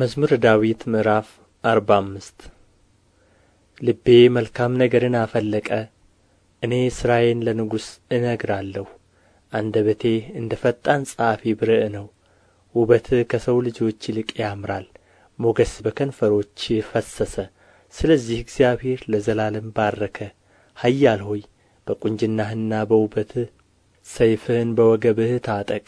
መዝሙር ዳዊት ምዕራፍ አርባ አምስት ልቤ መልካም ነገርን አፈለቀ። እኔ ሥራዬን ለንጉሥ እነግራለሁ። አንደበቴ እንደ ፈጣን ጸሐፊ ብርዕ ነው። ውበትህ ከሰው ልጆች ይልቅ ያምራል፣ ሞገስ በከንፈሮች ፈሰሰ። ስለዚህ እግዚአብሔር ለዘላለም ባረከ። ኃያል ሆይ በቁንጅናህና በውበትህ ሰይፍህን በወገብህ ታጠቅ።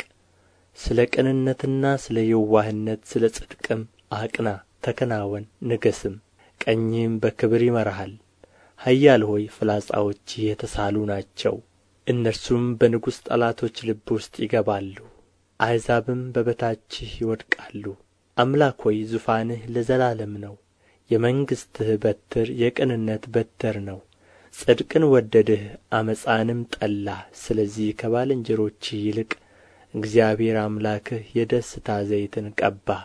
ስለ ቅንነትና ስለ የዋህነት ስለ ጽድቅም አቅና ተከናወን ንገስም! ቀኝህም በክብር ይመራሃል ኃያል ሆይ ፍላጻዎችህ የተሳሉ ናቸው እነርሱም በንጉሥ ጠላቶች ልብ ውስጥ ይገባሉ አሕዛብም በበታችህ ይወድቃሉ አምላክ ሆይ ዙፋንህ ለዘላለም ነው የመንግሥትህ በትር የቅንነት በትር ነው ጽድቅን ወደድህ ዓመፃንም ጠላህ ስለዚህ ከባልንጀሮችህ ይልቅ እግዚአብሔር አምላክህ የደስታ ዘይትን ቀባህ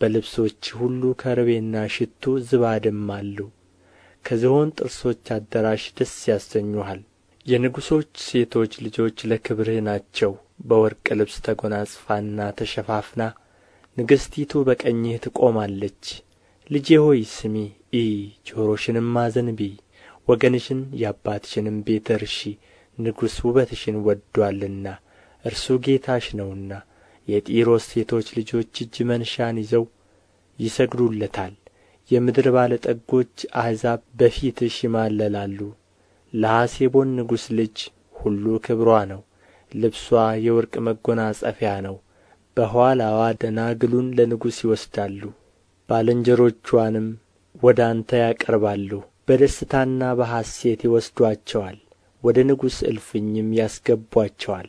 በልብሶችህ ሁሉ ከርቤና ሽቱ ዝባድም አሉ ከዝሆን ጥርሶች አዳራሽ ደስ ያሰኙሃል የንጉሦች ሴቶች ልጆች ለክብርህ ናቸው በወርቅ ልብስ ተጐናጽፋና ተሸፋፍና ንግሥቲቱ በቀኝህ ትቆማለች ልጄ ሆይ ስሚ እይ ጆሮሽንም አዘንቢ ወገንሽን የአባትሽንም ቤት እርሺ ንጉሥ ውበትሽን ወዷልና እርሱ ጌታሽ ነውና የጢሮስ ሴቶች ልጆች እጅ መንሻን ይዘው ይሰግዱለታል የምድር ባለ ጠጎች አሕዛብ በፊትሽ ይማለላሉ ለሐሴቦን ንጉሥ ልጅ ሁሉ ክብሯ ነው ልብሷ የወርቅ መጐናጸፊያ ነው በኋላዋ ደናግሉን ለንጉሥ ይወስዳሉ ባልንጀሮቿንም ወደ አንተ ያቀርባሉ በደስታና በሐሴት ይወስዷቸዋል። ወደ ንጉሥ እልፍኝም ያስገቧቸዋል።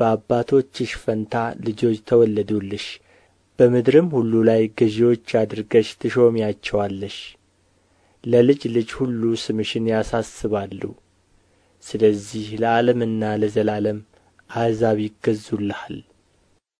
በአባቶችሽ ፈንታ ልጆች ተወለዱልሽ በምድርም ሁሉ ላይ ገዢዎች አድርገሽ ትሾሚያቸዋለሽ ለልጅ ልጅ ሁሉ ስምሽን ያሳስባሉ ስለዚህ ለዓለምና ለዘላለም አሕዛብ ይገዙልሃል